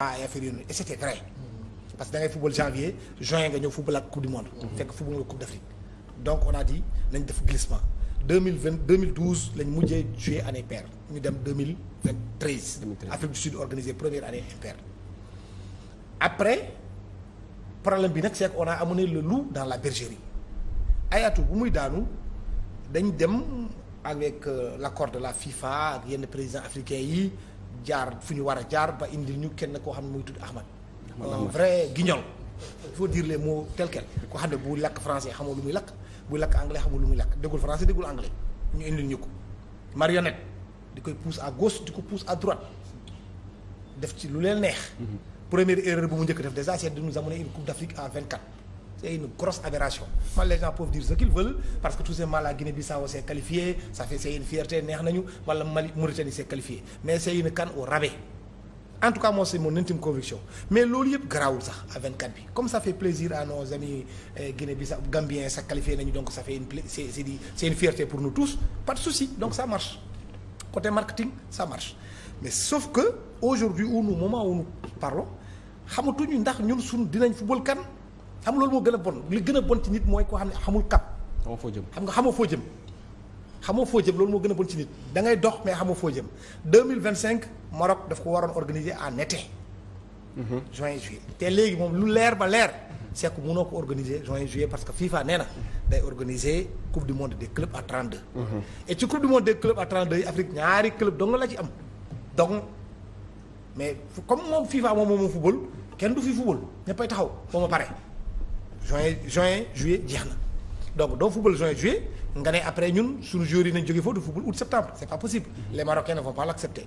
ay affaire yooyu et c'était vrai parce que da ngay football janvier juin nga ñëw football ak coupe du monde. fekk football nga coupe d'Afrique donc on a nañ def glissement deux mille vingt deux mille douze lañ mujjee joué année paire ñu dem deux mille vingt treize. Afrique du Sud organisé première année impaire. après problème bi nag c'est qu'on a amené le loup dans la bergerie ayatu bu muy daanu dañ dem avec euh, l'accord de la FIFA ak yenn président africains yi. jaar fu ñu war a jaar ba indi ñu kenn koo xam ne muy tudd Ahmad un vrai guignol il faut dire les mots tel quels koo xam ne bu lakk français xamoo lu muy lakk bu lakk anglais xamoo lu muy lakk déggul français déggul anglais ñu indil ñu ko marionnette di koy pousse à gauche di ko pousse à droite def ci lu leen neex mhm. première erreur bu mu njëkk def déjà c'est de nous amener une coupe d'Afrique à vingt-quatre c'est une grosse aberration man les parce que tout simplement la Guinée-Bissau s'est qualifiée ça fait c'est une fierté neex nañu wala Mali Mauritanie s'est qualifiée mais c'est une CAN au rabais en tout cas moi c'est mon intime conviction mais loolu yëpp garaawul sax à 24 bi comme ça fait plaisir à nos amis eh, Guinée-Bissau Gambiens sax qualifié nañu donc ça fait une c'est c'est di c'est une fierté pour nous tous pas souci donc ça marche côté marketing ça marche mais sauf que aujourd'hui au moment où nous parlons xamatuñu ndax ñun suñu dinañ football kan xam loolu moo gën a bon li gën a bon ci nit mooy koo xam ne xamul cap. xamoo foo jëm xam nga xamoo foo jëm. xamoo foo jëm loolu moo gën a bon ci nit da ngay dox mais xamoo foo jëm deux mille vingt cinq Maroc daf ko waroon organiser en été. Mhm. juin juillet te léegi moom lu leer ba leer. c' est que ko organiser juin juillet parce que FIFA nee na day organiser coupe du monde des clubs à 32. Mhm. et ci coupe du monde des clubs à 32 yi Afrique ñaari club dong la ci am donc mais comme moom FIFA moom moom football kenn du fi football ñëppay taxaw ba ma pare. juin juin juillet jeex na donc doo football juin juillet nga ne après ñun suñu joueurs yi nañ jógee foofu du football août septembre c'est pas possible les Marocains ne vont pas l'accepter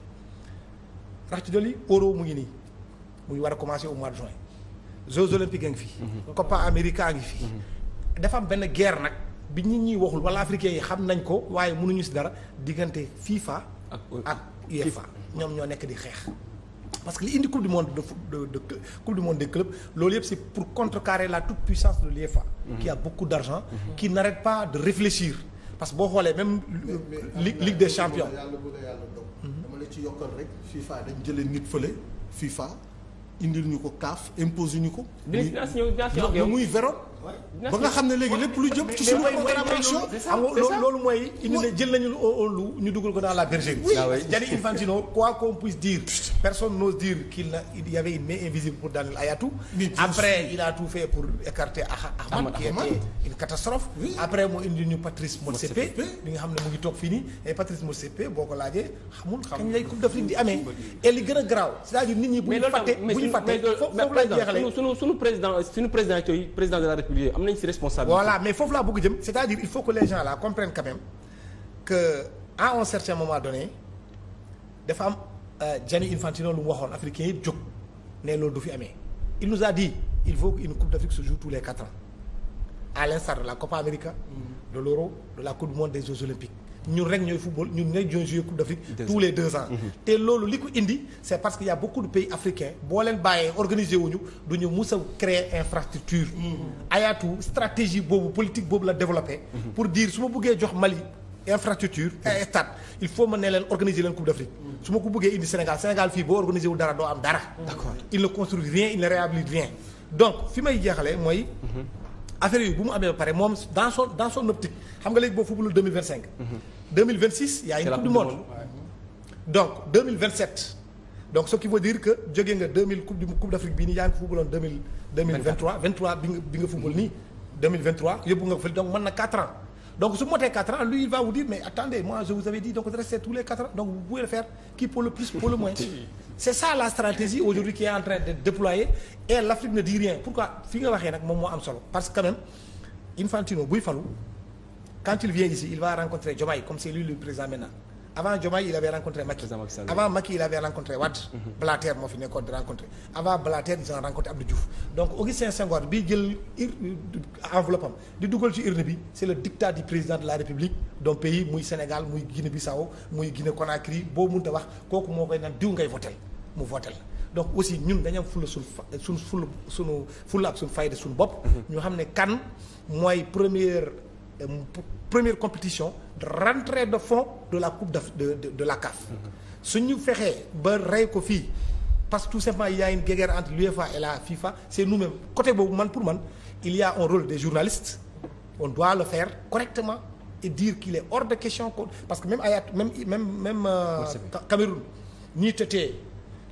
rax ci dolli euro mu ngi nii mu war a commencer au mois de juin Jeux olympiques a ngi fi. Mhm. Copa América a ngi fi. Mhm. dafa am benn guerre nag bi nit ñi waxul wala africain yi xam nañ ko waaye mënuñu si dara diggante FIFA. ak ak UEFA ñoom ñoo nekk di xeex. parce que indi coupe du monde de de, loolu yëpp c'est pour contrecarrer la toute puissance de l'UEFA mhm. qui a beaucoup d'argent mhm. qui n'arrête pas de réfléchir parce que boo xoolee même ligue ligue des champions yàlla bu la yàlla dog mhm. dama la ci yokkal rek FIFA dañ jëlee nit fële FIFA indil ñu ko CAF impose ñu ko muy véro ba nga xam ne léegi lépp lu jëm ci suñu programmation loolu mooy indi ne jël nañu lu ñu dugal ko dans la bergerie Gianni ah Infantino quoi qu'on puisse dire personne n'ose dire qu'il il y avait une main invisible pour Daniel Ayatou. après il a tout fait pour écarter Ahmad qui était une catastrophe. après mu indi ñu Patrice Motsepe. bi nga xam ne mu ngi toog fii nii et Patrice Motsepe boo ko laajee xamul kañ lay coupe d'Afrique di amee. et li gën a garaaw c'est-à-dire nit ñi bu ñu fàtte bu foofu laay jeexalee suñu suñu président suñu président président de la République am nañ ci responsabilité. voilà mais foofu laa Euh, Gianni Infantino lu mu waxoon africain yëpp jóg ne loolu du fi amee il nous a dit il faut qu'une coupe d'Afrique se joue tous les quatre ans à l'instar de la Copa América de la Coupe du monde des Jeux olympiques ñun rek ñooy football ñun rek ñooy jouer Coupe d'Afrique tous les deux ans mhm. te loolu li ko indi c'est parce que y a beaucoup de pays africains boo leen bàyyee organiser wuñu du ñu mus a créer infrastructure mhm. ayatu stratégie boobu politique boobu la développé mhm. pour dire su bëggee jox Mali infrastructure ay stade il faut ma ne leen organiser leen Coupe d'Afrique su ma ko bëggee indi Sénégal Sénégal fii boo organiser wu dara doo am dara il ne construit rien il ne réhabilite rien donc fi may jeexalee mooy mhm. affaire yooyu bu mu amee ba pare moom dans son dans xam nga léegi boo football 2025 2026 yaa ngi coupe du monde donc 2027 qui veut dire que jóge nga 2000 coupe du coupe d'Afrique bii nii yaa ngi football nii 2023 yóbbu donc su motee quatre ans lui il va vous dire mais attendez moi je vous avais dit donc de tous les quatre ans donc vous pouvez le faire qui pour le plus pour le moins c'est ça la stratégie aujourd'hui qui est en train d'être déployée et l'Afrique ne dit rien pourquoi fi nga waxee nag moom moo am solo parce que quand même Infantino buy falu quand il vient ici il va rencontrer Diomaye comme c'est lui le président maintenant avant Diomaye il avait rencontré Macky avant Macky il avait rencontré Wade Blatter moo fi nekkoon di rencontré avant Blatter ils ont rencontré Abdou Diouf donc euh, dugal ci urne bi le dictat du président de la République d'un pays muy Sénégal muy Guinée-Bissau muy Guinée-Conakry boo mënta wax kooku moo koy naan diw ngay votel mu votel donc aussi ñun dañu am fulla suñu fa suñu fulla suñu fulla ak suñu fayda suñu bopp mhm. ñu xam ne kan mooy première Euh, première compétition rentrée de fonds de la coupe de de de, la CAF. su ñu fexee ba rey ko fii parce que tout simplement il y a une guerre entre l'UEFA et la FIFA c'est nous-mêmes côté boobu man pour man il y a un rôle des journalistes on doit le faire correctement et dire qu'il est hors de question parce que même Ayat même même même euh, Cameroun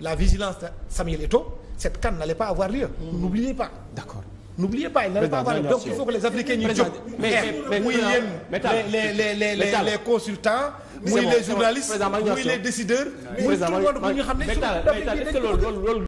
la vigilance de Samuel Eto'o cette CAN n'allait mm. n'oubliez pas. n'oubliez pas il donc il faut que les Africains ñu jóg. mais mais muy yéen les les les les consultants. muy les journalistes muy les décideurs. muy tout le monde pour ñu xam ne.